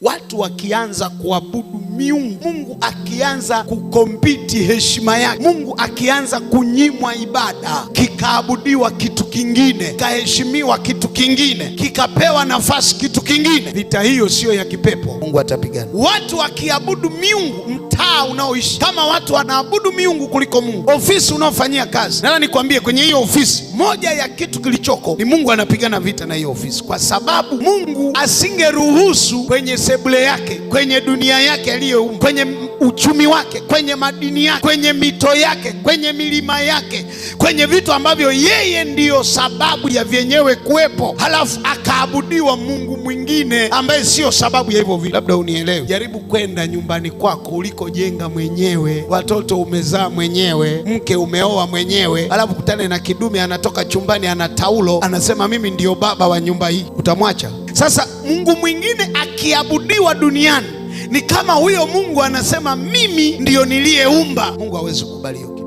What watu wakianza kuabudu miungu, Mungu akianza kukompiti heshima yake, Mungu akianza kunyimwa ibada, kikaabudiwa kitu kingine, kikaheshimiwa kitu kingine, kikapewa nafasi kitu kingine, vita hiyo siyo ya kipepo. Mungu atapigana watu wakiabudu miungu mtaa unaoishi kama watu wanaabudu miungu kuliko Mungu, ofisi unaofanyia kazi. Nana nikwambie, kwenye hiyo ofisi, moja ya kitu kilichoko ni Mungu anapigana vita na hiyo ofisi, kwa sababu Mungu asingeruhusu kwenye sebule yake, kwenye dunia yake aliyoumba, kwenye uchumi wake, kwenye madini yake, kwenye mito yake, kwenye milima yake, kwenye vitu ambavyo yeye ndiyo sababu ya vyenyewe kuwepo, halafu akaabudiwa mungu mwingine ambaye siyo sababu ya hivyo vitu. Labda unielewe. Jaribu kwenda nyumbani kwako ulikojenga mwenyewe, watoto umezaa mwenyewe, mke umeoa mwenyewe, halafu kutane na kidume anatoka chumbani, ana taulo, anasema mimi ndiyo baba wa nyumba hii, utamwacha? Sasa mungu mwingine akiabudiwa duniani ni kama huyo Mungu anasema mimi ndiyo niliyeumba. Mungu hawezi kukubali hiyo.